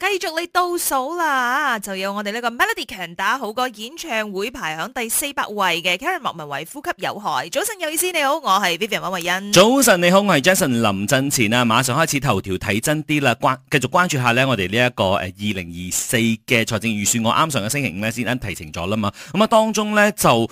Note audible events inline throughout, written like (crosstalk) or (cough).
繼續你倒數啦，就有我哋呢個 Melody 強打好過演唱會排喺第四百位嘅。Karen 莫文蔚呼吸有害。早晨，有意思你好，我係 Vivian 溫慧欣。早晨你好，我係 Jason 林振前啊！馬上開始頭條睇真啲啦，關繼續關注下呢，我哋呢一個誒二零二四嘅財政預算，我啱上個星期五呢，先提呈咗啦嘛。咁、嗯、啊當中呢，就誒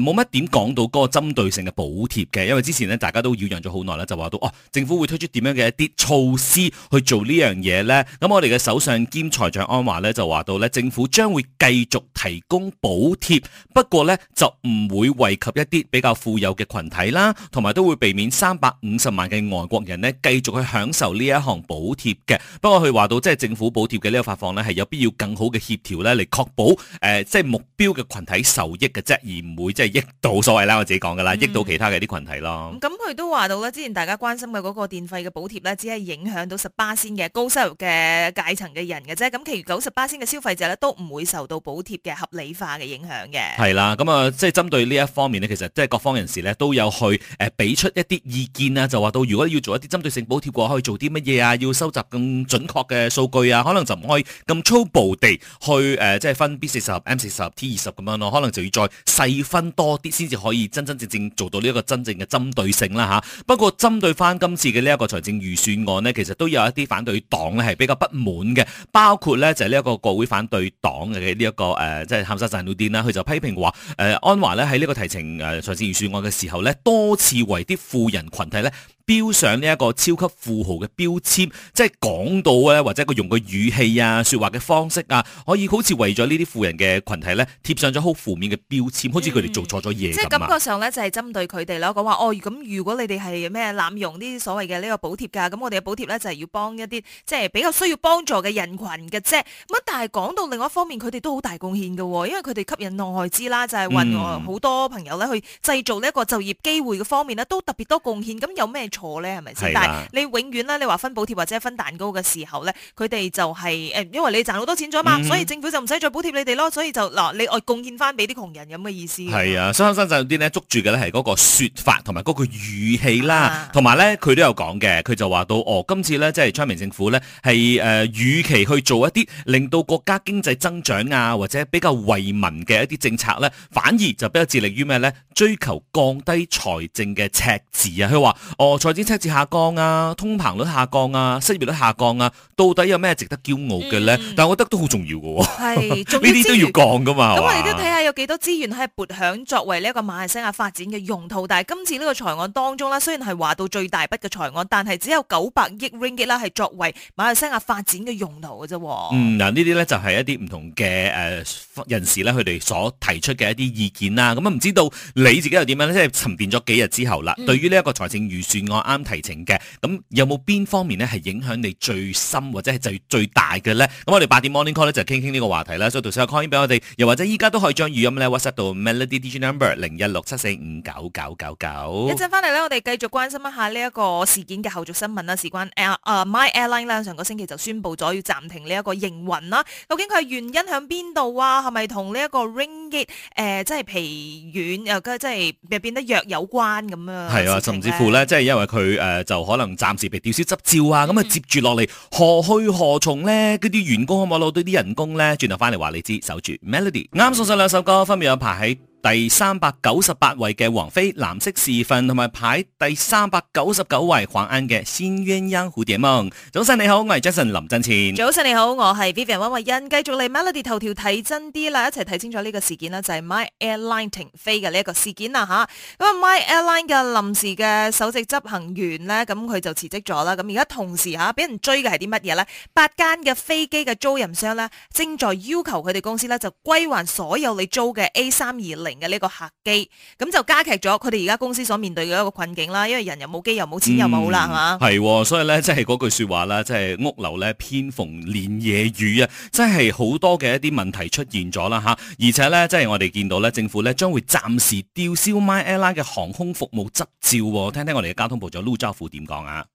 冇乜點講到嗰個針對性嘅補貼嘅，因為之前呢，大家都擾攘咗好耐啦，就話到哦，政府會推出點樣嘅一啲措施去做呢樣嘢呢。咁、嗯、我哋嘅手上。兼財長安華咧就話到咧，政府將會繼續提供補貼，不過呢就唔會惠及一啲比較富有嘅群體啦，同埋都會避免三百五十萬嘅外國人呢繼續去享受呢一項補貼嘅。不過佢話到，即係政府補貼嘅呢個發放呢係有必要更好嘅協調呢嚟確保誒即係目標嘅群體受益嘅啫，而唔會即係益到所謂啦，我自己講噶啦，益到其他嘅啲群體咯。咁佢都話到之前大家關心嘅嗰個電費嘅補貼呢，只係影響到十八仙嘅高收入嘅階層嘅。人嘅啫，咁其餘九十八巴仙嘅消費者呢，都唔會受到補貼嘅合理化嘅影響嘅。係啦，咁、嗯、啊，即係針對呢一方面呢，其實即係各方人士呢，都有去誒俾、呃、出一啲意見啊，就話到如果要做一啲針對性補貼嘅話，可以做啲乜嘢啊？要收集更準確嘅數據啊，可能就唔可以咁粗暴地去誒、呃，即係分 B 四十、M 四十、T 二十咁樣咯、啊。可能就要再細分多啲，先至可以真真正正做到呢一個真正嘅針對性啦嚇、啊。不過，針對翻今次嘅呢一個財政預算案呢，其實都有一啲反對黨咧係比較不滿嘅。包括咧就係呢一個國會反對黨嘅呢一個即係坎薩扎魯店啦，佢、呃就是、就批評話、呃、安華咧喺呢個提呈誒財政預算案嘅時候咧，多次為啲富人群體咧。標上呢一個超級富豪嘅標籤，即係講到咧，或者佢用個語氣啊、說話嘅方式啊，可以好似為咗呢啲富人嘅群體咧，貼上咗好負面嘅標籤，好似佢哋做錯咗嘢，即係感覺上咧，就係針對佢哋咯，講話哦，咁如果你哋係咩濫用呢啲所謂嘅呢個補貼噶，咁我哋嘅補貼咧就係要幫一啲即係比較需要幫助嘅人群嘅啫。咁，但係講到另外一方面，佢哋都好大貢獻噶，因為佢哋吸引內外資啦，就係搵好多朋友咧去製造呢一個就業機會嘅方面咧，都特別多貢獻。咁有咩？錯咧，係咪先？但係你永遠咧，你話分補貼或者分蛋糕嘅時候咧，佢哋就係誒，因為你賺好多錢咗嘛，所以政府就唔使再補貼你哋咯，所以就嗱，你我貢獻翻俾啲窮人咁嘅意思。係啊，新新新嗰啲咧捉住嘅咧係嗰個說法同埋嗰個語氣啦，同埋咧佢都有講嘅，佢就話到哦，今次咧即係昌明政府咧係誒，與其去做一啲令到國家經濟增長啊，或者比較為民嘅一啲政策咧，反而就比較致力於咩咧，追求降低財政嘅赤字啊，佢話哦。財政赤字下降啊，通膨率下降啊，失業率下降啊，到底有咩值得驕傲嘅咧？嗯嗯、但係我覺得都好重要嘅、啊，呢啲 (laughs) 都要講噶嘛。咁、嗯、吧我哋都睇下有幾多資源係撥響作為呢一個馬來西亞發展嘅用途。但係今次呢個財案當中咧，雖然係話到最大筆嘅財案，但係只有九百億 ringgit 啦，係作為馬來西亞發展嘅用途嘅啫、啊嗯。嗯，嗱、嗯，呢啲咧就係一啲唔同嘅誒人士咧，佢哋所提出嘅一啲意見啦。咁啊，唔知道你自己又點樣咧？即係沉澱咗幾日之後啦，對於呢一個財政預算。我啱提請嘅，咁有冇邊方面咧係影響你最深或者係最最大嘅咧？咁我哋八點 morning call 咧就傾傾呢個話題啦。所以頭先有 call in 俾我哋，又或者依家都可以將語音呢 WhatsApp 到 Melody Digital Number 零一六七四五九九九九。一陣翻嚟咧，我哋繼續關心一下呢一個事件嘅後續新聞啦。事關、uh, My Airline 上個星期就宣布咗要暫停呢一個營運啦。究竟佢係原因喺邊度啊？係咪同呢一個 Ringgit 誒、呃，即係疲軟、呃、即係變變得弱有關咁樣？係啊，甚至乎咧，即係因為。佢、呃、就可能暫時被吊銷執照啊，咁啊接住落嚟何去何從咧？嗰啲員工可唔可以攞到啲人工咧？轉頭翻嚟話你知，守住 Melody。啱送上兩首歌，分別有排喺第三百九十八位嘅王菲藍色時分，同埋排第三百九十九位黃安嘅《新鴛鴦蝴蝶夢》。早晨你好，我係 Jason 林振千。早晨你好，我係 Vivian 溫慧欣。繼續嚟 Melody 頭條睇真啲啦，一齊睇清楚呢個，就是、個事件啦，就、啊、係、啊、My Airline 停飛嘅呢一個事件啦吓。咁啊，My Airline 嘅臨時嘅首席執行員呢，咁、啊、佢就辭職咗啦。咁而家同時吓俾、啊、人追嘅係啲乜嘢呢？八間嘅飛機嘅租賃商呢，正在要求佢哋公司呢，就歸還所有你租嘅 A 三二零嘅呢個客機，咁就加劇咗佢哋而家公司所面對嘅一個困境啦。因為人又冇機，又冇錢，又冇啦，係嘛？係，所以咧，即係嗰句説話啦，即係屋漏咧偏逢連夜雨啊！真係好多嘅一啲問題出現咗啦嚇，而且咧，即係我哋見到咧，政府咧將會暫時吊銷 MyAirline 嘅航空服務執照。聽聽我哋嘅交通部長陸兆福點講啊？ (music)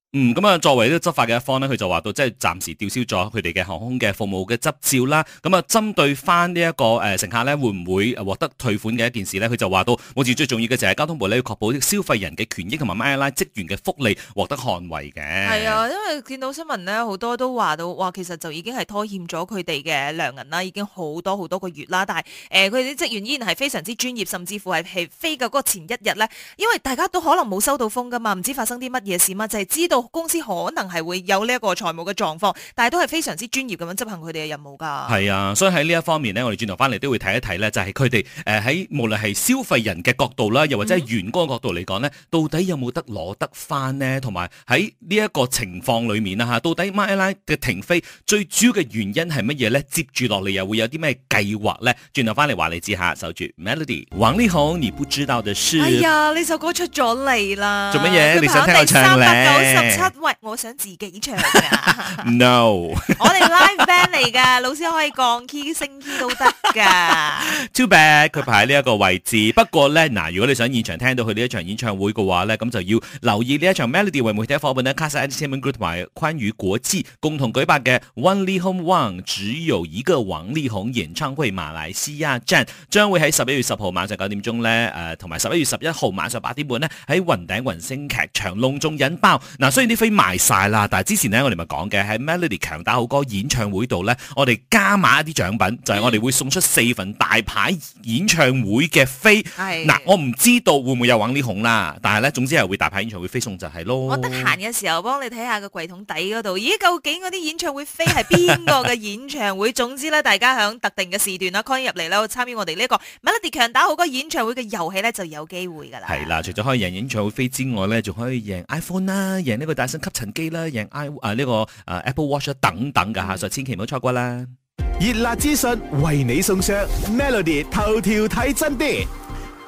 嗯，咁啊，作為呢個執法嘅一方咧，佢就話到，即係暫時吊銷咗佢哋嘅航空嘅服務嘅執照啦。咁啊，針對翻呢一個誒乘客咧，會唔會誒獲得退款嘅一件事咧？佢就話到，目前最重要嘅就係交通部咧，要確保消費人嘅權益同埋馬來西亞職員嘅福利獲得捍衛嘅。係啊，因為見到新聞呢，好多都話到，哇，其實就已經係拖欠咗佢哋嘅糧銀啦，已經好多好多個月啦。但係誒，佢哋啲職員依然係非常之專業，甚至乎係係飛嘅嗰個前一日呢，因為大家都可能冇收到風噶嘛，唔知發生啲乜嘢事嘛，就係、是、知道。公司可能係會有呢一個財務嘅狀況，但係都係非常之專業咁樣執行佢哋嘅任務噶。係啊，所以喺呢一方面呢，我哋轉頭翻嚟，都會睇一睇呢，就係佢哋誒喺無論係消費人嘅角度啦，又或者係員工角度嚟講呢，到底有冇得攞得翻呢？同埋喺呢一個情況裏面啊，吓到底 Myline 嘅停飛最主要嘅原因係乜嘢呢？接住落嚟，又會有啲咩計劃呢？轉頭翻嚟話你知吓，守住 Melody，王力宏你，你不知道的事。哎呀，呢首歌出咗嚟啦，做乜嘢？你想聽我唱咧。喂，我想自己演唱啊！No，我哋 live band 嚟噶， (laughs) 老師可以降 key 升 key 都得噶。 (laughs) Too bad，佢排喺呢一個位置。 (laughs) 不過咧，嗱、呃，如果你想現場聽到佢呢一場演唱會嘅話咧，咁就要留意呢一場 Melody 為媒體嘅伙伴咧，卡薩迪天文集團同埋寬裕國際共同舉辦嘅 One Lee Home One 只有一個王力宏演唱會馬來西亞站，將會喺十一月十號晚上九點鐘咧，誒、呃，同埋十一月十一號晚上八點半呢，喺雲頂雲星劇場隆重引爆。嗱、呃，啲飛賣晒啦，但係之前呢，我哋咪講嘅喺 Melody 強打好歌演唱會度呢，我哋加碼一啲獎品，就係、是、我哋會送出四份大牌演唱會嘅飛。係嗱、嗯呃，我唔知道會唔會有王力宏啦，但係呢，總之係會大牌演唱會飛送就係咯。我得閒嘅時候幫你睇下個櫃桶底嗰度，咦？究竟嗰啲演唱會飛係邊個嘅演唱會？ (laughs) 總之呢，大家喺特定嘅時段啦 call 入嚟啦，參與我哋呢、這個 Melody 強打好歌演唱會嘅遊戲呢，就有機會㗎啦。係啦，除咗可以贏演唱會飛之外呢，仲可以贏 iPhone 啦、啊，贏呢～帶身吸塵機啦，贏 i 啊，呢個誒 Apple Watch 等等，噶吓，所以千祈唔好錯過啦！熱辣資訊為你送上 Melody 頭條睇真啲。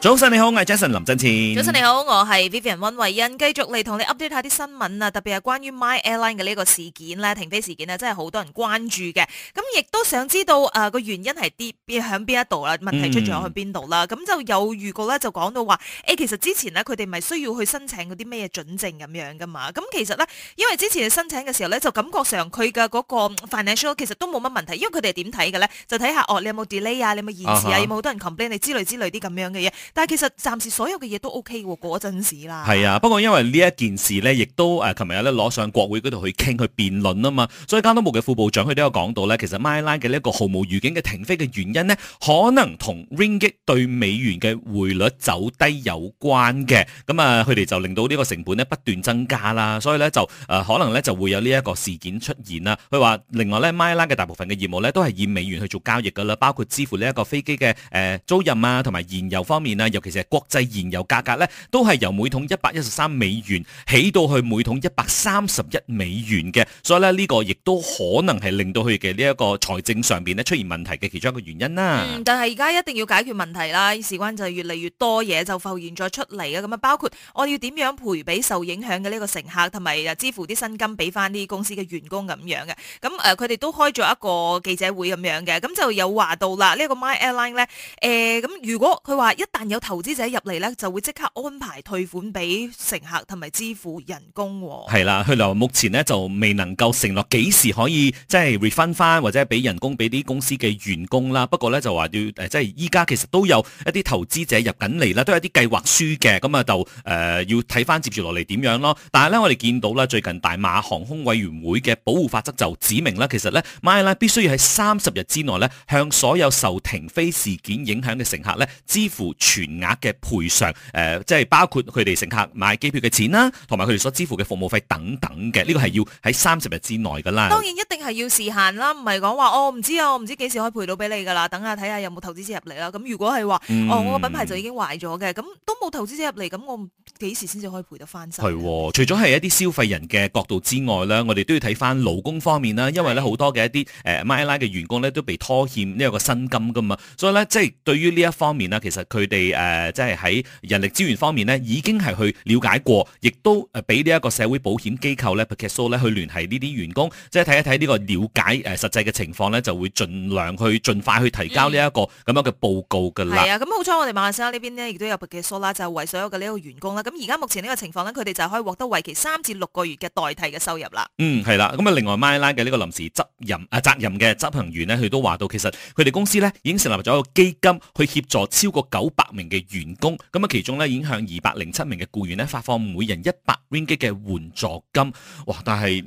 早晨你好，我係 Jason 林振前。早晨你好，我係 Vivian 溫慧欣，繼續嚟同你 update 下啲新聞啊，特別係關於 MyAirline 嘅呢個事件咧，停飛事件咧，真係好多人關注嘅。咁亦都想知道誒個、呃、原因係啲響邊一度啦，問題出咗去邊度啦。咁、嗯、就有預告咧，就講到話誒、欸，其實之前呢，佢哋咪需要去申請嗰啲咩嘢準證咁樣噶嘛。咁其實咧，因為之前申請嘅時候咧，就感覺上佢嘅嗰個 financial 其實都冇乜問題，因為佢哋係點睇嘅咧，就睇下哦，你有冇 delay 啊，你有冇延遲啊，uh huh. 有冇好多人 complain 你之類之類啲咁樣嘅嘢。但係其實暫時所有嘅嘢都 OK 喎，嗰陣時啦。係啊，不過因為呢一件事呢，亦都誒琴日咧攞上國會嗰度去傾去辯論啊嘛。所以交通部嘅副部長佢都有講到呢：其實 MyAir 嘅呢一個毫無預警嘅停飛嘅原因呢，可能同 Ringgit 對美元嘅匯率走低有關嘅。咁啊，佢哋就令到呢個成本呢不斷增加啦，所以呢，就誒、呃、可能呢就會有呢一個事件出現啦。佢話另外呢，MyAir 嘅大部分嘅業務呢，都係以美元去做交易㗎啦，包括支付呢一個飛機嘅誒、呃、租賃啊同埋燃油方面啊。尤其是係國際燃油價格咧，都係由每桶一百一十三美元起到去每桶一百三十一美元嘅，所以咧呢個亦都可能係令到佢嘅呢一個財政上面咧出現問題嘅其中一個原因啦。嗯，但係而家一定要解決問題啦，事關就係越嚟越多嘢就浮現咗出嚟嘅，咁啊包括我要點樣賠俾受影響嘅呢個乘客，同埋支付啲薪金俾翻啲公司嘅員工咁樣嘅，咁誒佢哋都開咗一個記者會咁樣嘅，咁就有話到啦，呢個 My Airline 咧，誒咁如果佢話一旦，有投資者入嚟呢，就會即刻安排退款俾乘客同埋支付人工。係啦，去到目前呢，就未能夠承諾幾時可以即係 refund 翻或者俾人工俾啲公司嘅員工啦。不過呢，就話要即係依家其實都有一啲投資者入緊嚟啦，都有啲計劃書嘅。咁啊，就、呃、要睇翻接住落嚟點樣咯。但係呢，我哋見到呢，最近大馬航空委員會嘅保護法則就指明啦，其實呢，馬來必須要喺三十日之內呢，向所有受停飛事件影響嘅乘客呢，支付全全額嘅賠償，誒、呃，即係包括佢哋乘客買機票嘅錢啦，同埋佢哋所支付嘅服務費等等嘅，呢個係要喺三十日之內噶啦。當然一定係要時限啦，唔係講話哦，唔知啊，我唔知幾時可以賠到俾你噶啦。等下睇下有冇投資者入嚟啦。咁如果係話、嗯、哦，我個品牌就已經壞咗嘅，咁都冇投資者入嚟，咁我幾時先至可以賠得翻？係、嗯，除咗係一啲消費人嘅角度之外咧，我哋都要睇翻勞工方面啦，因為咧好多嘅一啲誒 MyAir 嘅員工咧都被拖欠呢個薪金噶嘛，所以咧即係對於呢一方面呢，其實佢哋。係、呃、即係喺人力資源方面呢，已經係去了解過，亦都誒俾呢一個社會保險機構咧，僱主咧去聯繫呢啲員工，即係睇一睇呢個了解誒、呃、實際嘅情況呢，就會盡量去儘快去提交呢一個咁樣嘅報告㗎啦。係啊，咁好彩我哋馬來西亞呢邊呢，亦都有僱主啦，就係為所有嘅呢個員工啦。咁而家目前呢個情況呢，佢哋就可以獲得為期三至六個月嘅代替嘅收入啦。嗯，係啦。咁、嗯、啊，另外馬來西亞嘅呢個臨時執任、啊、責任啊責任嘅執行員呢，佢都話到其實佢哋公司呢已經成立咗一個基金去協助超過九百。名嘅員工，咁啊其中咧已經向二百零七名嘅雇員咧，發放每人一百 ringgit 嘅援助金，哇！但係。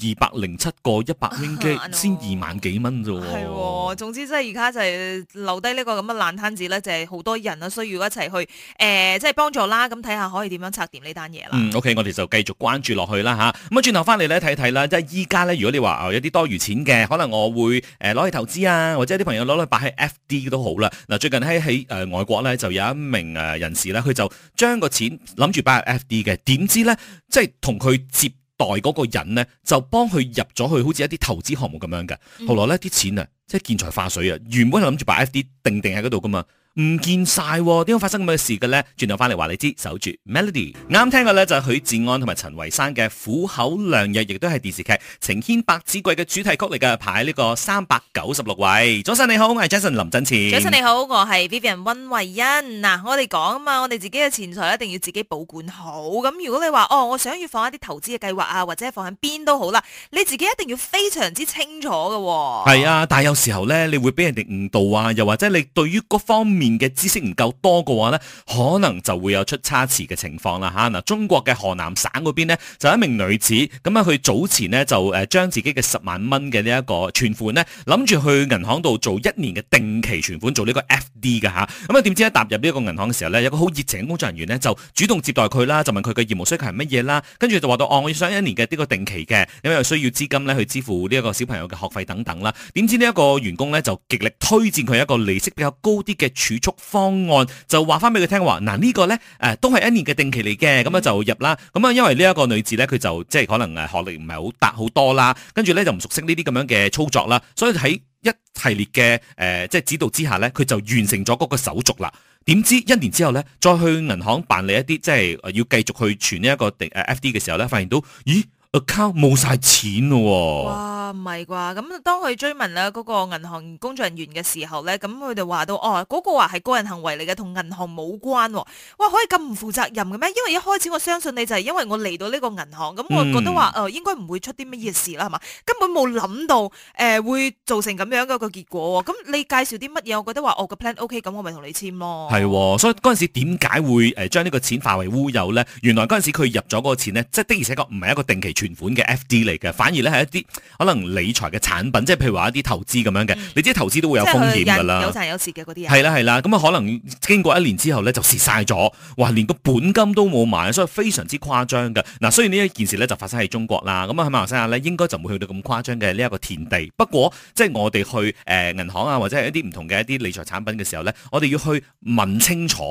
二百零七個一百蚊雞，先二、uh, no. 萬幾蚊啫。係、哦，總之即係而家就係留低呢個咁嘅爛攤子咧，就係、是、好多人啊，需要一齊去誒，即係幫助啦。咁睇下可以點樣拆掂呢單嘢啦。嗯、o、okay, k 我哋就繼續關注落去啦吓。咁啊，轉頭翻嚟咧睇睇啦，即係依家咧，如果你話有啲多餘錢嘅，可能我會誒攞、呃、去投資啊，或者啲朋友攞去擺喺 FD 都好啦。嗱，最近喺喺誒外國咧就有一名誒人士咧，佢就將個錢諗住擺入 FD 嘅，點知咧即係同佢接。代嗰個人咧，就幫佢入咗去好似一啲投資項目咁樣嘅。嗯、後來咧啲錢啊，即係建材化水啊，原本係諗住擺 FD 定定喺嗰度㗎嘛。唔見晒點解發生咁嘅事嘅咧？轉頭翻嚟話你知，守住 Melody 啱聽嘅咧就係許志安同埋陳慧珊嘅苦口良藥，亦都係電視劇情牽百子櫃嘅主題曲嚟嘅，排呢個三百九十六位。早晨你好，我係 Jason 林振前。早晨你好，我係 Vivian 溫慧欣。嗱、啊，我哋講啊嘛，我哋自己嘅錢財一定要自己保管好。咁如果你話哦，我想要放一啲投資嘅計劃啊，或者放喺邊都好啦，你自己一定要非常之清楚嘅、哦。係啊，但係有時候咧，你會俾人哋誤導啊，又或者你對於嗰方面。嘅知識唔夠多嘅話呢，可能就會有出差池嘅情況啦。嗱、啊，中國嘅河南省嗰邊呢，就有一名女子，咁啊佢早前呢，就將自己嘅十萬蚊嘅呢一個存款呢，諗住去銀行度做一年嘅定期存款，做呢個 FD 㗎。嚇、啊。咁啊點知一踏入呢個銀行嘅時候呢，有個好熱情嘅工作人員呢，就主動接待佢啦，就問佢嘅業務需求係乜嘢啦，跟住就話到哦，我要想一年嘅呢個定期嘅，因為需要資金呢去支付呢一個小朋友嘅學費等等啦。點、啊、知呢一個員工呢，就極力推薦佢一個利息比較高啲嘅儲蓄方案，就話翻俾佢聽話，嗱、啊、呢、呢個呢、呃、都係一年嘅定期嚟嘅，咁啊就入啦。咁啊因為呢一個女子呢，佢就即係可能誒學歷唔係好達好多啦，跟住呢就唔熟悉呢啲咁樣嘅操作啦，所以喺一系列嘅、呃、即係指導之下呢，佢就完成咗嗰個手續啦。點知一年之後呢，再去銀行辦理一啲即係要繼續去存呢一個定 F D 嘅時候呢，發現到咦？account 冇晒錢咯、哦，哇唔係啩？咁當佢追問啦嗰個銀行工作人員嘅時候咧，咁佢哋話到哦嗰、嗰個話係個人行為嚟嘅，同銀行冇關、哦。哇可以咁唔負責任嘅咩？因為一開始我相信你就係因為我嚟到呢個銀行，咁我覺得話誒、嗯呃、應該唔會出啲乜嘢事啦係嘛，根本冇諗到誒、呃、會造成咁樣嘅個結果。咁你介紹啲乜嘢？我覺得話哦個 plan OK，咁我咪同你簽咯。係、哦，所以嗰陣時點解會誒將呢個錢化為烏有咧？原來嗰陣時佢入咗嗰個錢咧，即、就係、的而且確唔係一個定期。存款嘅 FD 嚟嘅，反而咧係一啲可能理財嘅產品，即係譬如話一啲投資咁樣嘅，嗯、你知投資都會有風險㗎啦。有賺有蝕嘅啲人。係啦係啦，咁啊可能經過一年之後咧就蝕晒咗，哇連個本金都冇埋，所以非常之誇張嘅。嗱、啊、雖然呢一件事咧就發生喺中國啦，咁啊喺馬來西亞咧應該就唔會去到咁誇張嘅呢一個田地。不過即係我哋去誒、呃、銀行啊，或者係一啲唔同嘅一啲理財產品嘅時候咧，我哋要去問清楚，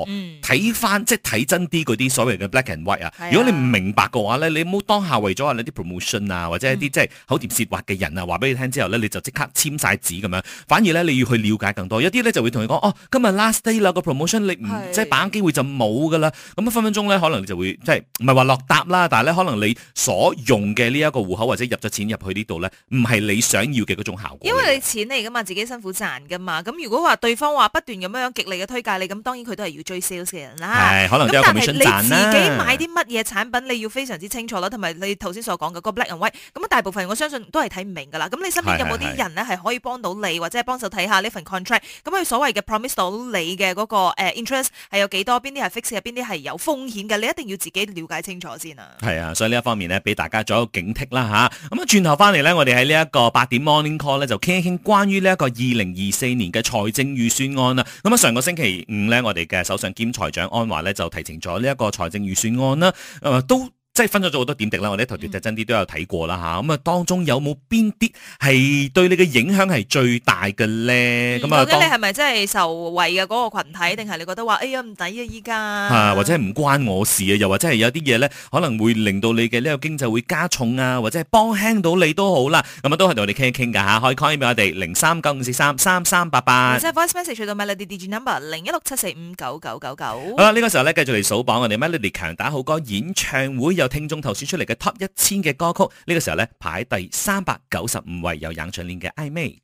睇翻、嗯、即係睇真啲嗰啲所謂嘅 black and white 啊、嗯。如果你唔明白嘅話咧，你冇當下為咗。一啲 promotion 啊，或者一啲即係口甜舌滑嘅人啊，話俾你聽之後咧，你就即刻簽晒紙咁樣，反而咧你要去了解更多，有啲咧就會同你講哦，今日 last day 啦，個 promotion 你唔是即係把握機會就冇噶啦，咁啊分分鐘咧可能你就會即係唔係話落搭啦，但係咧可能你所用嘅呢一個戶口或者入咗錢入去呢度咧，唔係你想要嘅嗰種效果。因為你錢嚟噶嘛，自己辛苦賺噶嘛，咁如果話對方話不斷咁樣樣極力嘅推介你，咁當然佢都係要追 sales 嘅人啦。係，可能有 commission 賺啦。咁但係你自己買啲乜嘢產品，你要非常之清楚啦，同埋你頭先。所講嘅嗰個 black and white 咁啊，大部分我相信都係睇唔明噶啦。咁你身邊有冇啲人咧係可以幫到你是是是或者係幫手睇下呢份 contract？咁佢所謂嘅 promise 到你嘅嗰個 interest 係有幾多？邊啲係 fixed？邊啲係有風險嘅？你一定要自己了解清楚先啊。係啊，所以呢一方面咧，俾大家做一個警惕啦吓，咁啊，轉頭翻嚟咧，我哋喺呢一個八點 morning call 咧，就傾一傾關於呢一個二零二四年嘅財政預算案啦。咁啊，上個星期五咧，我哋嘅首相兼財長安華咧就提呈咗呢一個財政預算案啦。誒、啊、都。即係分咗咗好多點滴啦，我哋頭條睇真啲都有睇過啦咁、嗯、啊當中有冇邊啲係對你嘅影響係最大嘅咧？咁啊、嗯，覺得你係咪真係受惠嘅嗰個群體，定係你覺得話，哎呀唔抵啊依家？或者係唔關我事啊，又或者係有啲嘢咧，可能會令到你嘅呢個經濟會加重啊，或者係幫輕到你好、啊、都好啦。咁啊都係同我哋傾一傾㗎嚇，可以 call 俾我哋零三九五四三三三八八，或者 voice message 到 Melody Digi number 零一六七四五九九九九。呢個、時候呢，繼續嚟數榜，我哋 Melody 強打好歌演唱會有聽眾投選出嚟嘅 Top 一千嘅歌曲，呢、這個時候咧，排第三百九十五位有影的，有楊千嬅嘅曖昧。